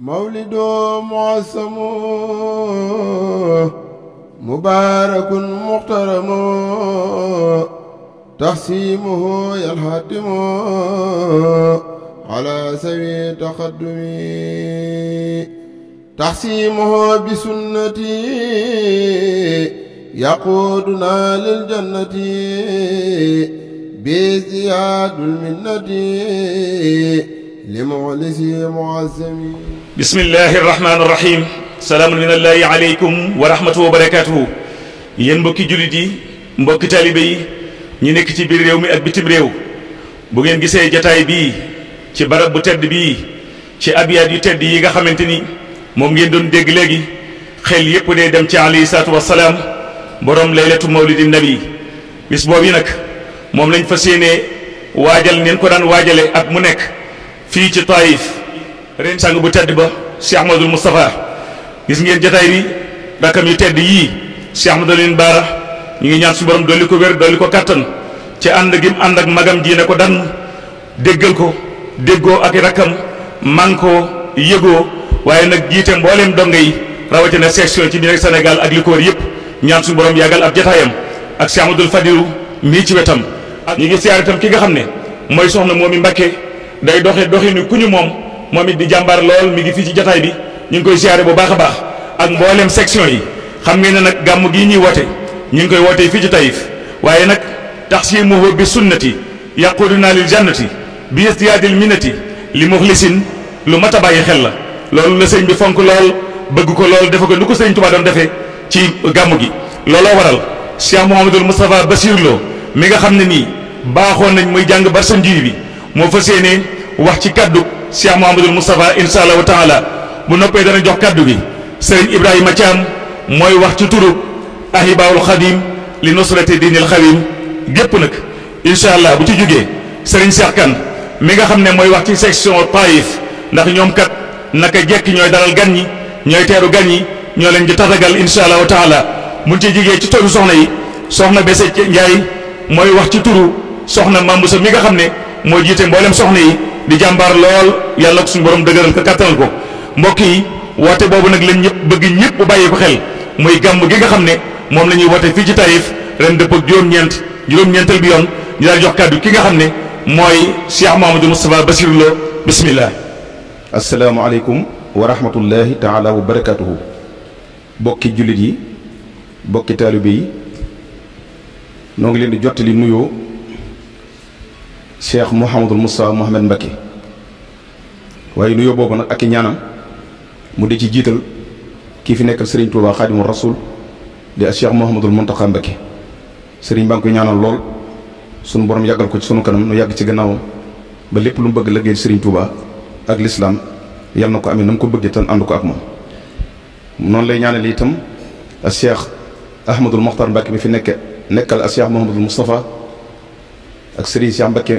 مولد معصم مبارك محترم تحسيمه ينهتم على سبيل تقدم تحسيمه بسنتي يقودنا للجنة بزياد المنة لمعلسي معزمي bismillahi irrahmani irrahim salaamun min allaahi aleykum wa rahmatuhu wa barakatuhu yéen mbokki jullit yi mbokki taalibe yi ñu nekk ci biir réew mi ak bitim réew bu ngeen gisee jataay bii ci barab bu tedd bii ci abiyaat yu tedd yi nga xamante ni moom ngeen doon dégg léegi xel yépp dee dem ci alayhi salaatu wasalaam borom laylatu mawlidi nabi bis yi nag moom lañ fas yéenee waajal neen ko daan waajale ak mu nekk fii ci Taif reen sàng bu tedd ba Cheikh Ahmadul Moustapha gis ngeen jotaay bi rakkam yu tedd yii Cheikh Ahmadul Baara ñu ngi ñaan su borom dolli ko wér dolli ko kàttan ci ànd gi mu ànd ak magam ji ne ko dann déggal ko déggoo ak rakkam man koo yëgoo waaye nag jiite mbooleem donga yi rawatina section ci biir Sénégal ak li ko wër yëpp ñaan su borom yàggal ab jotaayam ak Cheikh Ahmadul Fadilu mii ci wetam. ñu ngi siyaar itam ki nga xam ne mooy soxna moom i Mbakke day doxee doxinu ku ñu moom it bi jàmbaar lool mi ngi fii ci jataay bi ñu ngi koy siyaare bu baax a baax ak mboolem section yi xam ngeen ne nag gàmm gii ñuy woote ñu ngi koy wootee fii ci Taïf waaye nag tax taxsimuhu bi sunnati yaquduna lil jannati bi istiyaadil minnati li muxlisin lu mat a bàyyi xel la loolu la sëñ bi fonk lool bëgg ko lool defe ko nu ko sëñ Tuubaa doon defee ci gàmm gi looloo waral Cheikh Mouhamadul Moustapha Bassir Lo mi nga xam ne nii baaxoon nañ muy jàng bar sa bi moo fas yéenee wax ci kaddu Cheikh Mouhamadul Moustapha insha allahu taala bu noppee dana jox kàddu gi Serigne Ibrahima Thiam mooy wax ci turu Ahibaul Khadim li nusrati diinil xawim gépp nag incha allah bu ci jógee Serigne Cheikh Kane mi nga xam ne mooy wax ci section Taif ndax ñoom kat naka jekk ñooy dalal gan ñi ñooy teeru gan ñi ñoo leen di tatagal incha allahu taala mun ci jigee ci tollu soxna yi soxna Bese Ndiaye mooy wax ci turu soxna Mambousa mi nga xam ne moo jiite mboolem di jàmbaar lool yàlla ak suñu borom dëgëral ko kàttanal ko mbokk yi woote boobu nag leen ñëpp bëgg ñëpp bàyyi ko xel muy gàmm gi nga xam ne moom la ñuy woote fii ci Taïf ren dëpp ak juróom-ñeent juróom-ñeental bi yoon ñu daal jox kàddu ki nga xam ne mooy Cheikh Mouhamadou Moustapha Bassirou Lo bismillah asalaamaaleykum wa rahmatullahi taala wa barakatuhu bokki jullit yi bokki taalibe yi noo ngi leen di jot jottali nuyoo cheikh Mouhamadul Moustapha Mouhamed Mbacke waaye nuyoo boobu nag ak i ñaanam mu di ci jiital kii fi nekkal sëriñ Touba Khadimou Rasoul di ak cheikh Mouhamadul Mountakha Mbacke Serigne baa ngi lool sunu borom yàggal ko ci sunu kanam nu yàgg ci gannaawam ba lépp lu mu bëgg liggéey sëriñ Touba ak lislaam yal na ko amee na mu ko bëggee tan ànd ko ak moom. noonu lay ñaanal itam ak cheikh Ahmadul Mokhtar Mbacke mi fi nekke nekkal ak cheikh Mouhamadul Moustapha. ak sëriñ Cheikh Mbacke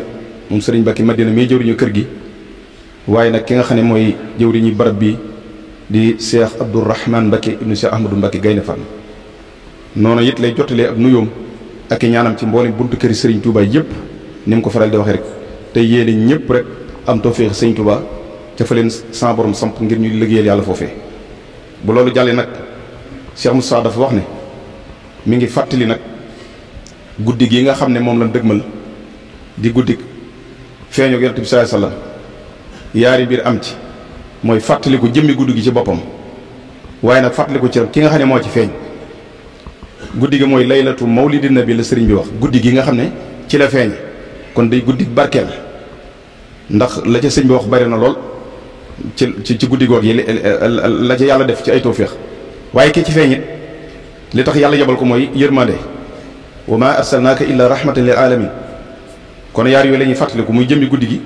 moom sëriñ Mbacke Madina mii jëwriñu kër gi waaye nag ki nga xam ne mooy jëwriñu barab bi di Cheikh Abdourahman Mbacke ibnu Cheikh Ahmadou Mbacke Gaynde Fatma noonu it lay jottalee ab nuyoom ak i ñaanam ci mboolem buntu këri sëriñ Touba yëpp ni mu ko faral di waxee rek te yéene ñëpp rek am tawféex sëriñ Touba ca fa leen sans borom samp ngir ñu liggéeyal yàlla foofee bu loolu jàllee nag Cheikh Moussa dafa wax ne mu ngi fàttali nag guddi gi nga xam ne moom lañ dëgmal. di guddik feeñu yonent bi alayhi wasallam yaari bir am ci fatali ko jëmmi guddi gi ci waye nak fatali ko ci ki nga xamné mo ci feñ guddi gi mooy laylatu mawlidin nabi la serigne bi wax guddi gi nga xamné ci la feñ kon day guddi barkel ndax la ci serigne bi wax bari na lol ci ci guddi goog yi la ci yàlla def ci ay tawfiq waye ki ci feñ li tax yàlla yebal ko moy yërmande wa ma illa rahmatan lil alamin kon yaar yooyu la ñuy fàttaliku muy jëmmi guddi gi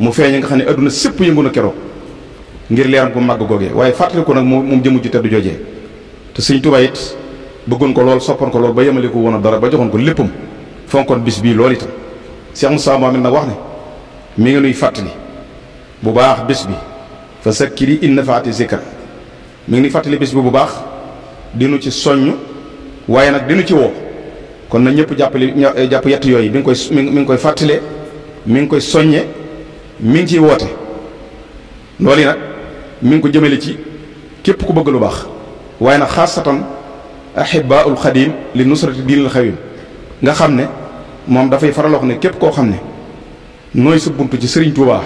mu feeñ nga xam ne adduna sépp yëngu na keroog ngir leeram ku màgg googee waaye fàttaliku nag moom moom jëmu ju teddu joojee te sëñ Tuubaa it bëggoon ko lool soppoon ko lool ba yemale ko woon a dara ba joxoon ko léppam fonkoon bis bii lool itam Cheikh Moussa Mohamed nag wax ne mi ngi nuy fàttali bu baax bis bi fa sakkiri in nafaati zikra mi ngi nuy fàttali bis bi bu baax dinu ci soññ waaye nag dinu ci woo kon na ñëpp jàppale eh, jàpp yett yooyu mi ngi koy mi ngi koy fàttale mi ngi koy soññe mi ngi ciy woote loolu yi nag mi ngi ko jëmale ci képp ku bëgg lu baax waaye nag xaasatan ahibaul xadim li nusrati diinil xawim nga xam ne moom dafay faral wax ne képp koo xam ne nooy sa bunt ci sëriñ Touba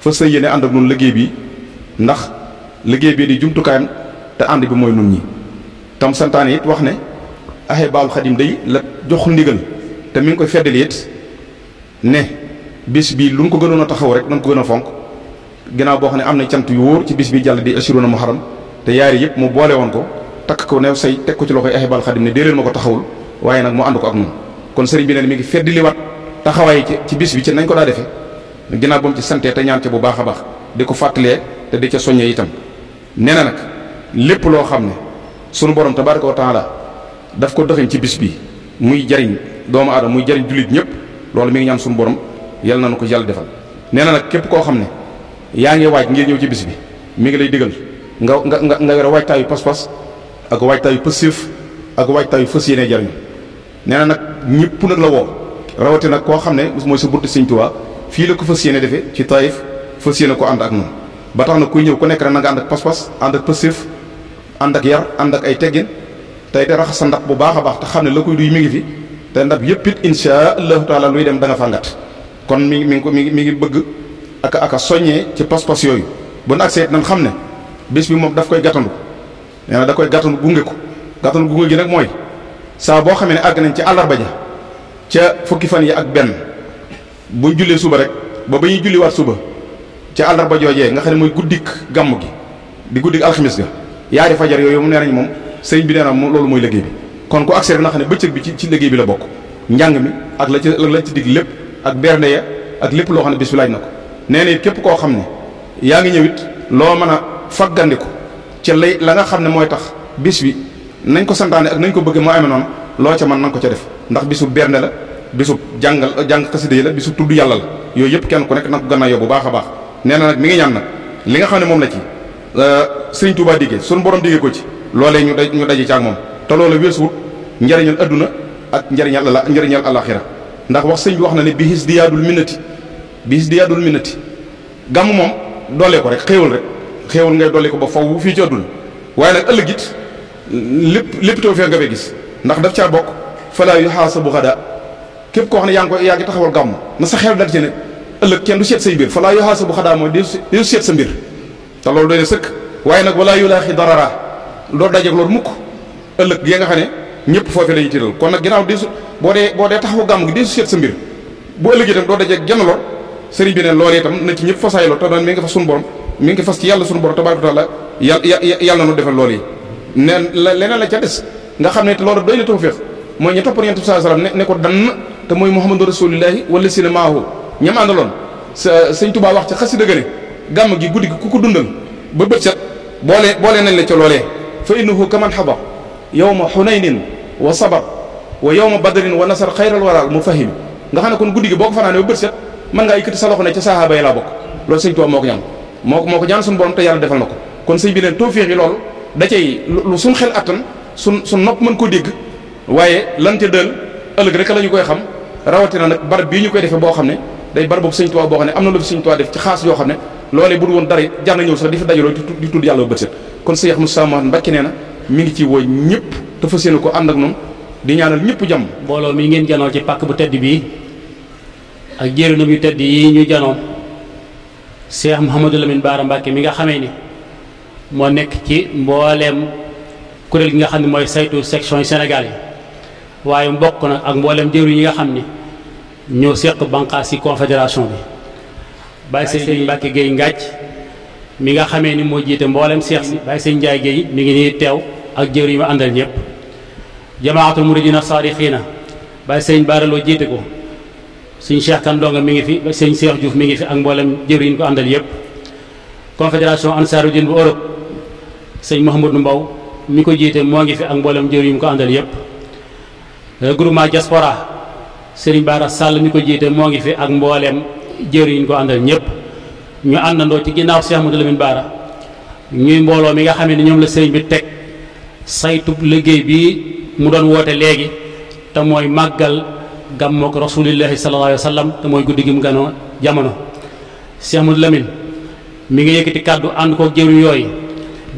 fa sa yéene ànd ak nun liggéey bi ndax liggéey bi di jumtukaayam te ànd bi mooy nun ñi tam santaane it wax ne Ahibahil Khadim day la joxul ndigal te mi ngi koy fedd it ne bis bi lu ñu ko gënoon a taxaw rek nañ ko gën a fonk ginnaaw boo xam ne am na cant yu wóor ci bis bi jàll di assuruna muharram te yaari yëpp mu boole woon ko takk ko new say teg ko ci loxoy Ahibahil Khadim ne dee ma ko taxawul waaye nag mu ànd ko ak noonu kon sëriñ bi ne mi ngi feddaliwaat taxawaay ci ci bis bi ci nañ ko daa defee ginnaaw ba ci santee te ñaan ca bu baax a baax di ko fàttalee te di ca soññee itam nee lépp loo xam ne sunu borom tabaraka wa taala daf ko doxé ci bis bi muy jariñ doomu adam muy jariñ julit ñep loolu mi ngi ñaan suñu borom yalla nañ ko yalla defal nee nak nag képp koo xam ne yaa ngi waaj ngir ñew ci bis bi mi ngi lay diggal nga nga nga nga yore waajtaayu pas-pas ak waajtaayu passif ak waajtaayu fës fassiyene jariñ nee nak ñepp nak la wo rawati nak ko xam moy su burtu seigne touba fi la ko fassiyene defé ci taif fassiyene ko and ak ñu ba tax na kuy ñew ku nekk rek na nga and ak pas-pas and ak passif and ak yar and ak ay teggine tay te rax sa ndab bu baax a baax te ne la koy duy mi ngi fi tay ndab yëpp it insha Allah taala luy dem da nga fangat kon mi mi ngi ko mi ngi mi bëgg ak ak soñé ci pas-pas yooyu bu nak sét nan xam bis bi mom daf koy gatanu nee da koy gatanu gungé ko gatanu gungé gi nak moy sa bo xamee ag nañ ci alarba ja ci fukki fan yi ak ben bu julé suba rek ba bañu julli wat suba ci alarba jojé nga xam moy guddik gamu gi di guddik alkhamis ga yaari fajar yooyu mu nee mom sëriñ bi nee na loolu mooy liggéey bi kon ku accès rek na xam ne bëccëg bi ci ci liggéey bi la bokk njàng mi ak la ci la ci digg lépp ak bernde ya ak lépp loo xam ne bis bi laaj na ko nee na it képp koo xam ne yaa ngi ñëw it loo mën a faggandiku ci lay la nga xam ne mooy tax bis bi nañ ko santaane ak nañ ko bëgg moo amee noon loo ca mën na ko ca def ndax bisu bernde la bisu jàngal jàng xasida yi la bisu tudd yàlla la yooyu yëpp kenn ku nekk na ko gannaaw yow bu baax a baax nee na mi ngi ñaan li nga xam ne moom la ci euh, sëriñ Touba diggee sunu borom diggee ko ci loolee ñu daj ñu daje ci moom te loola weesuwut njariñal adduna ak njariñal la njariñal alaxira ndax wax sëñ bi wax na ne bihis diyaadul minnati bihis diyaadul minnati gàmm moom doolee ko rek xéewal rek xéewal ngay doolee ko ba faw fii ci adduna waaye nag ëllëg it lépp lépp taw fee nga fee gis ndax daf caa bokk falaa yu xaasabu xadaa képp koo xam ne yaa ngi ko yaa ngi taxawal gàmm na sa xel dal ci ne ëllëg kenn du seet say mbir falaa yu xaasabu xadaa mooy du seet sa mbir te loolu doy na waaye nag walaa darara doo dajeeg loolu mukk ëllëg ya nga xam ne ñëpp foofu lañu tiital kon nag ginnaaw deesu boo dee boo dee taxawu gàmm gi deesu seet sa mbir bu ëllëg itam doo dajeeg genn lor sëriñ bi ne loolu itam na ci ñëpp fasaay lor te naan mi ngi fas suñu borom mi ngi fas ci yàlla suñu borom tabaaraka taala yàlla na nu defal lool yi neen leneen la ca des nga xam ne loolu doy na tawfiq mooy ñu toppoon yonent bi sallallahu alayhi wasallam ne ko dann te mooy muhammadu rasulillahi a sina maahu ñam àndaloon sa sëñ Tuubaa wax ca xasida gëne gàmm gi guddi ku ko dundal ba bët set boole boole nañ la ca loolee فإنه كما انحبى يوم حنين وصبر ويوم بدر ونصر خير الورى المفهم nga xam ne kon guddi gi boo ko fanaanee ba bët set mën ngaa yëkkati sa loxo ne ca sahaaba yi laa bokk loolu sëñ Tuubaa moo ko ñaan moo moo ko ñaan suñu borom te yàlla defal na ko kon sëñ bi leen tawféex yi loolu da cay lu suñ xel attan suñ suñ nopp mën koo dégg waaye lan ca dël ëllëg rek la ñu koy xam rawatina nag barab bii ñu koy defee boo xam ne day barab boobu sëñ Tuubaa boo xam ne am na lu fi sëñ Tuubaa def ci xaas yoo xam ne loolee bu dul woon dara jar na ñëw sax di fi dajaloo di tudd yàlla ba bët set kon Seex Moussa Mouhamed Mbacké nee na mi ngi ci woo ñëpp te fas ko ànd ak noonu di ñaanal ñëpp jàmm. mbooloo mi ngeen janoo ci pàkk bu tedd bii ak jëriñam yu tedd yi ñu janoo Seex Mouhamadou Lamine Bara Mbacké mi nga xamee ni moo nekk ci mbooleem kuréel gi nga xam ne mooy saytu section yi Sénégal yi waaye mbokk na ak mbooleem jëriñ yi nga xam ni ñoo seq banqaas ci confédération bi. Baye Serigne Mbacké Guèye Ngathie mi nga xamee ni moo jiite mboolem seex si bàyyi sëñ Njaay Géey mi ngi nii teew ak jër yi ma àndal ñëpp jamaatul muridina saadixiina bàyyi sëñ baaraloo jiite ko suñ Cheikh Kan Ndonga mi ngi fi ba sëñ Cheikh Diouf mi ngi fi ak mboolem jëwri yi ñu ko àndal yëpp confédération ansaaru din bu Europe sëñ Mbow mi ko jiite moo ngi fi ak mboolem jër yu mu ko àndal yëpp euh, groupement diaspora Serigne Bara Sall ko jiite moo ngi fi ak mboolem jëwri yi ko àndal ñëpp ñu àndandoo ci ginnaaw Cheikh Amadou Lamine Bara ñuy mbooloo mi nga xam ne ñoom la sëriñ bi teg saytub liggéey bi mu doon woote léegi te mooy màggal gàmmook rasulillahi sallallahu alayhi wa sallam te mooy guddi gi mu ganoo jamono Cheikh Amadou Lamine mi ngi yëkkati kàddu ànd ko jëriñ yooyu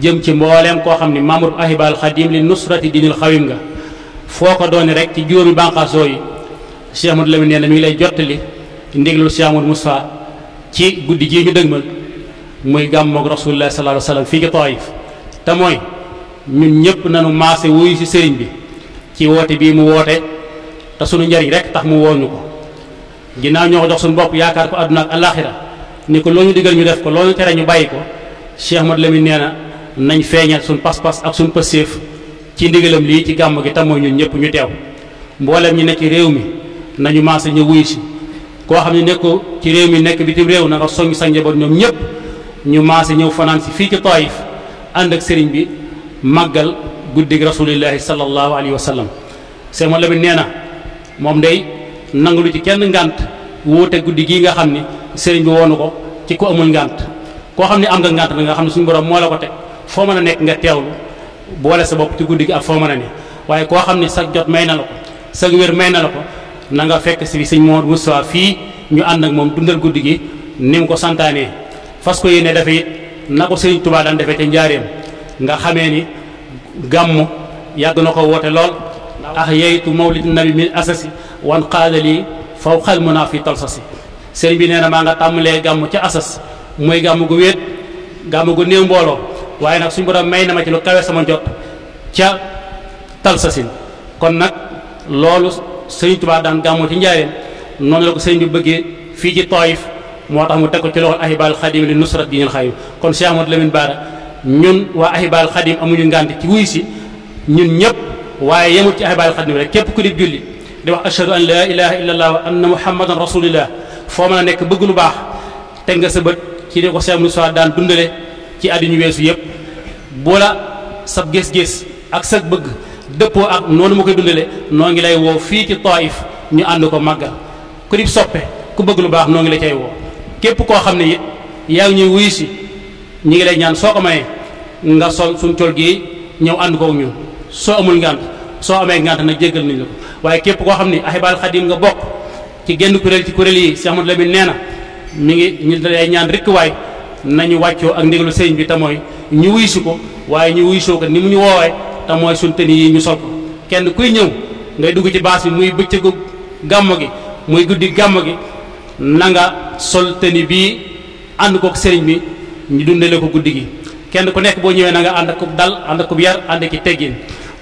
jëm ci mbooleem koo xam ne Mamour Ahibal Khadim li nusrati dinil xawim nga foo ko doone rek ci juróomi bànqaas yi Cheikh Amadou Lamine nee na mi ngi lay jottali ndigalu Cheikh Amadou Moustapha ci guddi gii ñu dëgmal muy gàmmoog rasulullah sallallahu alayhi wasallam fii ci Taif te ñun ñëpp nañu maase wuyu ci sëriñ bi ci woote bii mu woote te sunu njariñ rek tax mu woo ñu ko ginnaaw ñoo ko jox suñu bopp yaakaar ko àdduna ak alaxira ni ko loo ñu digal ñu def ko loo ñu tere ñu bàyyi ko Cheikh Ahmad Lamine nee na nañ feeñal suñu pas-pas ak suñ pëseef ci ndigalam lii ci gàmm gi tam mooy ñun ñëpp ñu teew mboolem ñi nekk ci réew mi nañu maase ñu wuyu si koo xam ne nekk ci réew mi nekk bitim réew na nga soññ sa njaboot ñoom ñëpp ñu maase ñëw fanaan si fii ci Taif ànd ak sëriñ bi màggal guddig rasulillahi sallallahu alayhi wa sallam Seex la bi nee na moom day nangu lu ci kenn ngànt wuute guddi gii nga xam ne sëriñ bi woonu ko ci ku amul ngànt koo xam ne am nga ngànt na nga xam ne suñu borom moo la ko teg foo mën a nekk nga teewlu boole sa bopp ci guddi gi ak foo mën a ne waaye koo xam ne sag jot may na la ko sa wér may na la ko na nga fekk si sëñ nyu Moustapha fii ñu ànd ak moom dundal guddi gi ni mu ko santaanee fas ko yéene dafa it na ko sëriñ Touba daan defee ca njaareem nga xamee ni gàmm yàgg na ko woote lool ah yeytu mawlid nabi min asasi wan xaadali faw xal muna fi talsasi sëriñ bi nee na maa nga tàmmalee gàmm ca asas mooy gàmm gu wéet gàmm gu néew mbooloo waaye nag suñu borom may na ma ci lu kawe sama jot ca talsasin kon nag loolu sëriñ Tuubaa daan gàmmoo ci njaareem noonu la ko sëriñ bi bëggee fii ci Taif moo tax mu teg ko ci loxol ahibal xadim li nusrat dinil xayim kon Cheikh Amadou Lamine Bara ñun waa ahibal xadim amuñu ngànt ci wuy si ñun ñëpp waaye yemul ci ahibal xadim rek képp ku di julli di wax ashhadu an la ilaha illa allah wa anna muhammadan rasulillah foo mën a nekk bëgg lu baax teg nga sa bët ci di ko Cheikh Amadou Sow daan dundale ci àddina weesu yëpp boo la sab gés-gés ak sag bëgg Depo ak noonu mo koy dundale noo ngi lay wo fi ci taif ñu and ko màggal ku di soppe ku bëgg lu baax noo ngi la cey wo kep ko xamne ya ngi wuy ci si ñi ngi lay ñaan soko may nga sol suñ tol gi ñew and ko ñun so amul ngam so amé ngant nag jéggal nañ la waye kep ko xamne ahibal khadim nga bok ci genn kurel ci kurel yi Cheikh Ahmadou Lamine neena mi ngi ñu lay ñaan rek way nañu waccio ak ndigalu bi tamoy ñu wuy si ko waye ñu wuy so ko ni mu ñu wowe te mooy suñ tëni yi ñu sol ko kenn kuy ñëw ngay dugg ci baas bi muy bëccëgu gàmm gi muy guddi gàmm gi nanga nga sol tëni bii ànd kook sëriñ bi ñu dundale ko guddi gi kenn ku nekk boo ñëwee na nga ànd ak dal ànd ak yar ànd ak teggin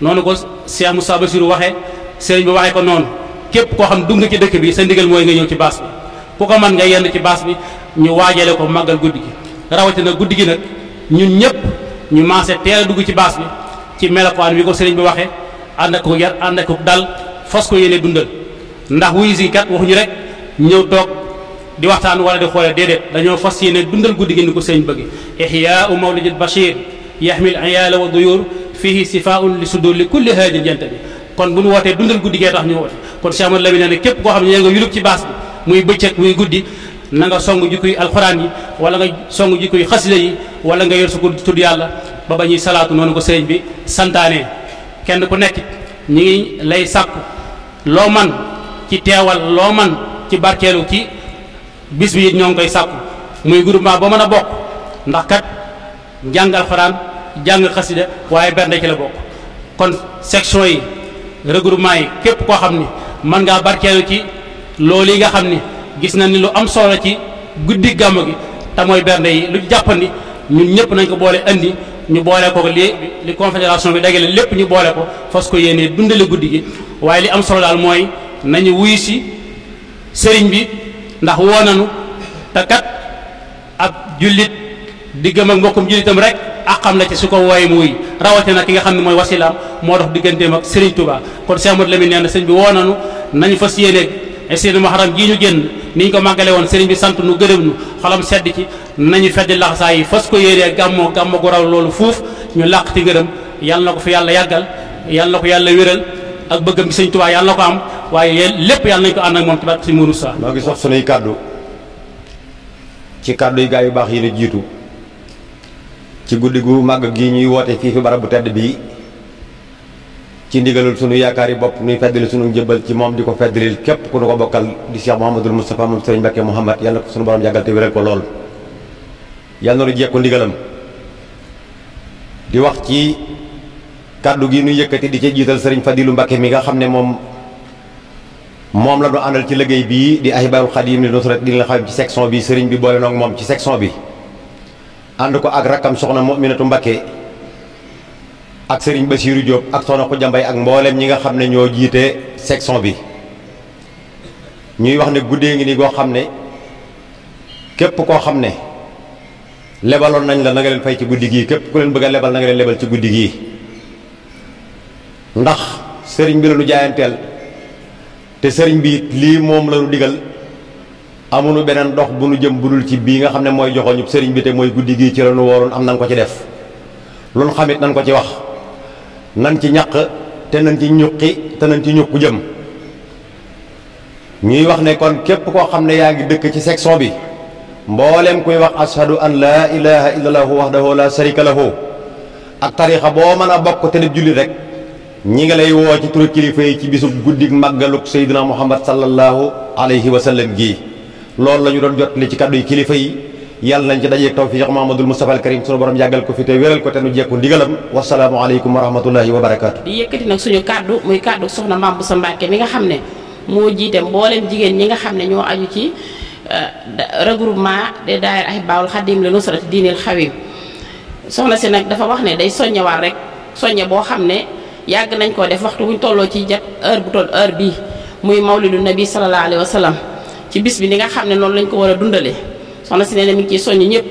noonu ko Cheikh Moussa Bassirou waxee sëriñ bi waxee ko noonu képp koo xam dugg ci dëkk bi sa ndigal mooy nga ñëw ci baas bi ku ko mën nga yenn ci baas bi ñu waajale ko màggal guddi gi rawatina guddi gi nag ñun ñëpp ñu ci baas bi ci melokaan bi ko serigne bi waxe ànd ko yar ànd ko dal fas ko yene dundal ndax wuyu si kat waxuñu rek ñëw tok di waxtaan wala di xolé déedéet dañoo fas yene dundal guddi gi ni ko serigne bëgg ihya mawlidil bashir yahmil ayala wa duyur fihi sifaa'un li sudur li kulli hadhihi jantabi kon buñu wote dundal guddi gee tax ñu wote kon Cheikh Amadou Lamine ne kep ko xam nga yuluk ci baas bi muy beccet muy guddi na nga songu jikuy alquran yi wala nga songu jikuy xasida yi wala nga yersu ko tuddu yàlla ba ba ñuy salaatu noonu ko sëriñ bi santaane kenn ku nekk ñi ngi lay sàkku loo man ci teewal loo man ci barkeelu ci bis bi it ñoo ngi koy sàkku muy groupement ba mën a bokk ndax kat jàng alxuraan jàng xasida waaye bernde ci la bokk kon section yi regroupement yi képp koo xam ni mën ngaa barkeelu ci loolu yi nga xam ni gis na ni lu am solo ci guddi gàmm gi te mooy bernde yi lu jàppandi ñun ñëpp nañ ko boole indi ñu boole ko li li confédération bi dagale lépp ñu boole ko fas ko yéene dundale guddi gi waaye li am solo daal mooy nañu wuyu si sëriñ bi ndax woo nañu te kat ab jullit diggam ak mbokkum jullitam rek ak xam na ci su ko wooye mu wuy rawatina ki nga xam ne mooy wasilaam moo dox digganteem ak sëriñ Touba kon Cheikh Modou Lamine nee na sëriñ bi woo nañu nañu fas yéene. seeni muharram gii ñu génn niñ ko màggale woon sëriñ bi sant nu gërëm nu xolam sedd ci nañu fedd laxasaa yi fas ko yéenee gàmmoo gàmmo gu raw loolu fuuf ñu làq ci ngërëm yàlla na ko fi yàlla yàggal yàlla na ko yàlla wéral ak bëggam gi sëñ Tuubaa yàlla na ko am waaye lépp yàlla nañu ko ànd ak moom tabaat si munu sa noo ngi sox sunuy kàddu ci kàddu yu gaa yu baax yi ñu jiitu ci guddi gu màgg gi ñuy woote fii fi barab bu tedd bii ci ndigalul sunu yaakaar bop ñuy nuy feddali sunu njëbal ci mom diko ko feddalil képp ku nu ko bokkal di Cheikh mohammedul mustafa mom Serigne Mbacké mohammed yalla ko sunu borom jagal te wéral ko lool yalla na jekku ndigalam di wax ci kaddu gi ñu yëkëti di ci jital Serigne Fadilu Mbacké mi nga xam mom mom la do andal ci liggéey bi di Khadim nusrat din la xam ci section bi Serigne bi bolé nok mom ci section bi and ko ak rakam soxna Muminatu Mbacké ak sëriñ ba Bassirou Diop ak Soxna Khoudia Mbaye ak mboolem ñi nga xam ne ñoo jiite section bi ñuy wax ne guddee ngi ni goo xam ne képp koo xam ne lebaloon nañ la na leen fey ci guddi gii képp ku leen bëgg a lebal na nga leen lebal ci guddi gii ndax sëriñ bi la jaayanteel te sëriñ bii lii moom la nu digal amuñu beneen dox bu nu jëm bu dul ci bii nga xam ne mooy joxoñu sëriñ bi te mooy guddi gii ci la nu am nan ko ci def loolu xamit nan ko ci wax nan ci ñaq te nañ ci ñuqi te nañ ci ñuq jëm ñuy wax ne kon képp koo xam ne yaa ngi dëkk ci section bi mboolem kuy wax ashadu an laa ilaha illallahu wahdahu la sharika lahu ak tarixa boo mën a bokk te def jullit rek ñi ngi lay woo ci turu kilifa yi ci bisub guddik màggaluk seydina muhammad sallallahu alayhi wa sallam gii loolu la doon jot li ci kàddu kilifa yi yàlla nañ ci dajeeg tawfiq Muhammadul Mustafa al Karim sunu borom yàggal ko fi te wéral ko te nu jekku ndigalam wasalaamu aleykum wa rahmatullahi wa barakaatu. di yëkkati nag suñu kàddu muy kàddu soxna Mame Bousso Mbacke mi nga xam ne moo jiite mbooleem jigéen ñi nga xam ne ñoo aju ci euh, regroupement des ay Ahibahil Khadim li nusrati diinil xawim soxna si nag dafa wax ne day soññewaat rek soññe boo xam ne yàgg nañ ko def waxtu buñ tolloo ci jat heure bu toll heure bii muy mawlidu nabi sallallahu alayhi wa sallam ci bis bi ni nga xam ne noonu lañ ko war a dundalee soxna si nee na mi ngi ciy soññ ñëpp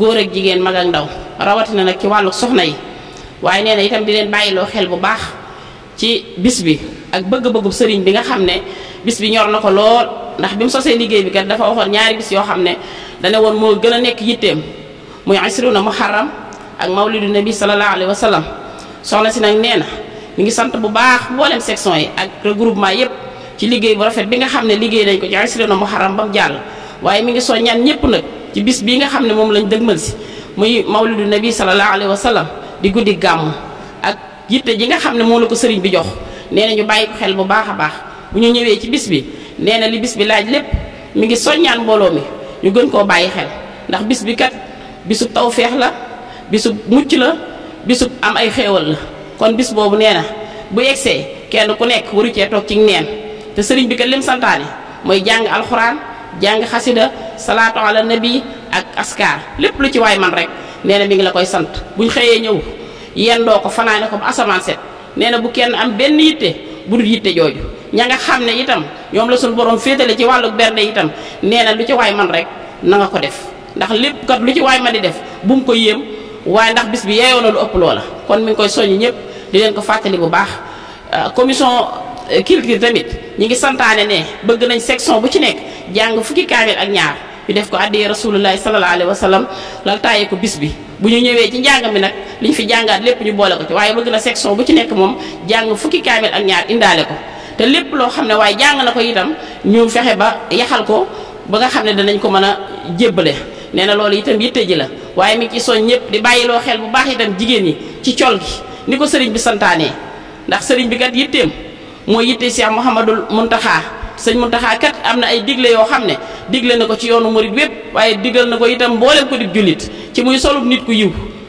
góor ak jigéen mag ak ndaw rawatina nag ci wàllu soxna yi waaye nee itam di leen bàyyiloo xel bu baax ci bis bi ak bëgg-bëggu sëriñ bi nga xam ne bis bi ñor na ko lool ndax bi mu sosee liggéey bi kat dafa waxoon ñaari bis yoo xam ne dana woon moo gën a nekk yitteem muy asruna muharram ak mawlidu nabi sallallahu alayhi wa sallam soxna si nag nee na mi ngi sant bu baax mboolem section yi ak regroupement yépp ci liggéey bu rafet bi nga xam ne liggéey nañ ko ci asruna muharram ba mu jàll waye mi ngi soññaan ñepp nak ci bis bi nga xamne mom lañ dëgmal muy mawlidu nabi Sallallahu Alaihi Wasallam di guddi gam ak yitte ji nga xamne mo la ko serigne bi jox neena ñu bàyyi ko xel bu baaxa baax bu ñu ñewé ci bis bi neena li bis bi laaj lepp mi ngi soññaan mbolo mi ñu gën ko bayyi xel ndax bis bi kat bisu tawfeex la bisu mucc la bisu am ay xéewal la kon bis bobu neena bu yexé kenn ku nekk waru ci tok ci neen te serigne bi kat lim santane moy jang alcorane jàng xasida salaatu ala nabi ak askar lépp lu ci waay man rek nee na mi ngi la koy sant bu buñ xëyee ñëw yendoo ko fanaane ko bu asamaan set nee na bu kenn am benn yitte bu dul yitte jooju ña nga xam ne itam ñoom la suñu borom féetale ci wàllu bernde itam nee na lu ci waay man rek na nga ko def ndax lépp kat lu ci waay ma di def bu mu ko yéem waaye ndax bis bi yeeyoo na lu ëpp loola kon mi ngi koy soññ ñëpp di leen ko fàttali bu baax euh, commission Euh, culture tamit ñi ngi santaane ne bëgg nañ section bu ci nekk jàng fukki kaamil ak ñaar ñu def ko addiyee rasulullahi sallallahu alayhi wa sallam lal taayee ko bis bi bu ñu ñëwee ci njàng mi nag li ñu fi jàngaat lépp ñu boole ko ci waaye bëgg na section bu ci nekk moom jàng fukki kaamil ak ñaar indaale ko te lépp loo xam ne waaye jàng na ko itam ñu fexe ba yaxal ko ba nga xam ne danañ ko mën a jébbale nee na loolu itam yitte ji la waaye mi ci soñ ñëpp di bàyyiloo xel bu baax jigéen ñi ci col gi ni ko sëriñ bi santaanee ndax sëriñ bi kat yitteem mooy yitte Cheikh Mouhamadul Mountakha sañ Mountakha kat am na ay digle yoo xam ne digle na ko ci yoonu murit wépp waaye digal na ko itam mboolem ko dib jullit ci muy solub nit ku yiw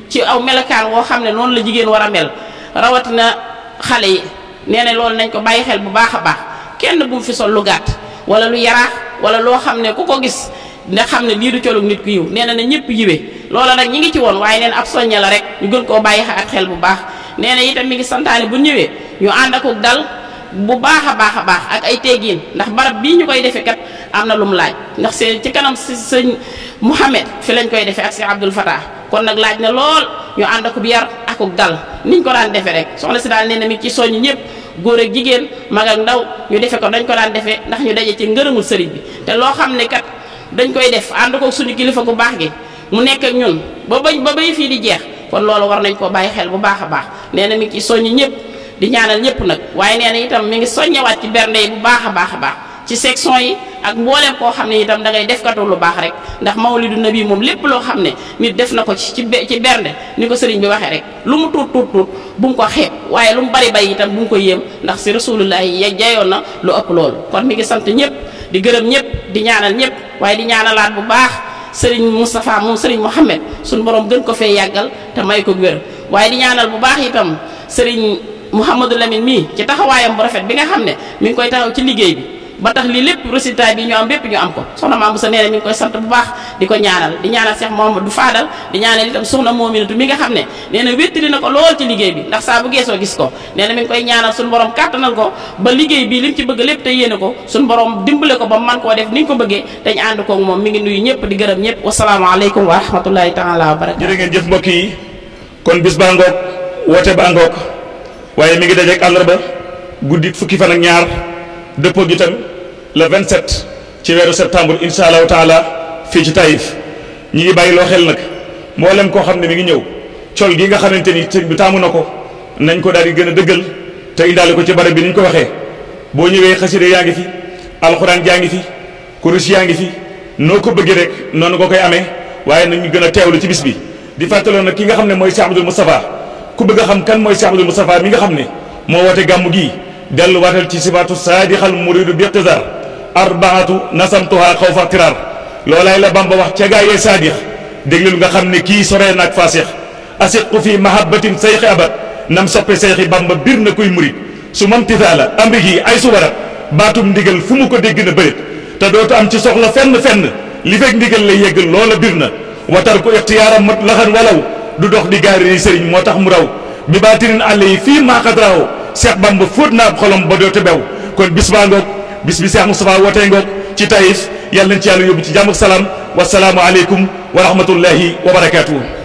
ci aw melokaan woo xam ne noonu la jigéen war a mel na xale yi nee na loolu nañ ko bàyyi xel bu baax a baax kenn bu mu fi sol lu gàtt wala lu yaraax wala loo xam ne ku ko gis nga xam ne lii du colug nit ku yiw nee na na ñëpp yiwee loola nag ñi ngi ci woon waaye neen ab soñña la rek ñu gën koo bàyyi ak xel bu baax nee na itam mi ngi santaane bu ñëwee ñu ànd ak dal bu baaxa baaxa baax ak ay teggin ndax barab bi ñukoy koy kat amna lum laaj ndax seen ci kanam señ muhammad fi lañ koy defee ak sëñ abdul fatah kon nak laaj na lool ñu and ak yar ak dal niñ ko daan defee rek soxna ci daal neena mi ci soñ ñepp goor ak jigen mag ak ndaw ñu defee ko dañ ko daan defee ndax ñu daje ci ngeerumul sëriñ bi te lo xam kat dañ koy def and ko suñu kilifa gu baax gi mu nekk ak ñun ba bañ ba bay fi di jeex kon loolu war nañ ko bàyyi xel bu baax baax neena mi ci soñ ñepp di ñaanal ñëpp nag waaye nee na itam mi ngi soññewaat ci bernde yi bu baax a baax a baax ci section yi ak mboolem koo xam ne itam da ngay def katu lu baax rek ndax mawlidu nabi moom lépp loo xam ne nit def na ko ci ci ci bernde ni ko sëriñ bi waxee rek lu mu tuut tuut tuut bu mu ko xeeb waaye lu mu bari bay itam bu mu ko yéem ndax si rasulullahi yay jayoon na lu ëpp loolu kon mi ngi sant ñëpp di gërëm ñëpp di ñaanal ñëpp waaye di ñaanalaat bu baax sëriñ Moustapha moom sëriñ Mouhamed suñu borom gën ko fee yàggal may ko Mouhamadou Lamine mi ci taxawayam bu rafet bi nga xamne mi ngi koy taxaw ci liggey bi ba tax li lepp resulta bi ñu am bepp ñu am ko soxna maam sa neena mi ngi koy sant bu baax di ñaanal di ñaanal Cheikh du Fadal di ñaanal itam soxna Mominatu mi nga xamne neena nee na ko lool ci liggey bi ndax sa bu geso gis ko neena mi ngi koy ñaanal sun borom katanal ko ba liggey bi lim ci bëgg lepp te yene ko sun borom dimbale ko ba man ko def ni ko bëgge dañ and ko mom mi ngi nuyu ñepp di gërëm salaamu alaykum wa rahmatullahi taala wa barakatuh jërë ngeen jëf mbokk yi kon bis ba ngok wote ba ngok waaye mi ngi dajeeg àllarba guddi fukki fan ak ñaar dëppoo gi itam le 27 ci weeru septembre incha allahu taala fii ci Taïf ñi ngi bàyyi loo xel nag mboolem koo xam ne mi ngi ñëw col gi nga xamante ni sëñ bu taamu na ko nañ ko daal di gën a dëggal te indaale ko ci barab bi ni ñu ko waxee boo ñëwee xasida yaa ngi fi alxuraan jaa ngi fi kurus yaa ngi fi noo ko bëggee rek noonu ko koy amee waaye nañu gën a teewlu ci bis bi di fàttaloo nag ki nga xam ne mooy Cheikh Abdoul Moustapha ku bëgg xam kan mooy Cheikh Abdoul Moustapha mi nga xam ne moo wate gàmm gii watal ci sibatu saadixal muridu bi iqtisaar arbaatu nasamtuha xaw tirar tiraar loolaay la Bamba wax ca gaayee saadix déglul nga xam ne kii soree naag faasix asiqu fi mahabbatin sayxi abad nam soppe sayxi Bamba bir na kuy murid su mam tisaala ambi gi ay su warat baatum ndigal fu mu ko dégg na bërit te dootu am ci soxla fenn fenn li fek ndigal lay yegg loola bir na watar ko mat laxan walaw du dox di gaari yi sëriñ moo tax mu raw bi baatinin àll yi fii maaxadraaw Cheikh Bamba fóot naa xolom ba doote bew kon bis baa ngoog bis bi Cheikh Moustapha wootee ngoog ci Taïf yàlla na ci yàlla yóbbu ci jàmm ak wa wasalaamu aleykum wa rahmatullahi wa barakaatu.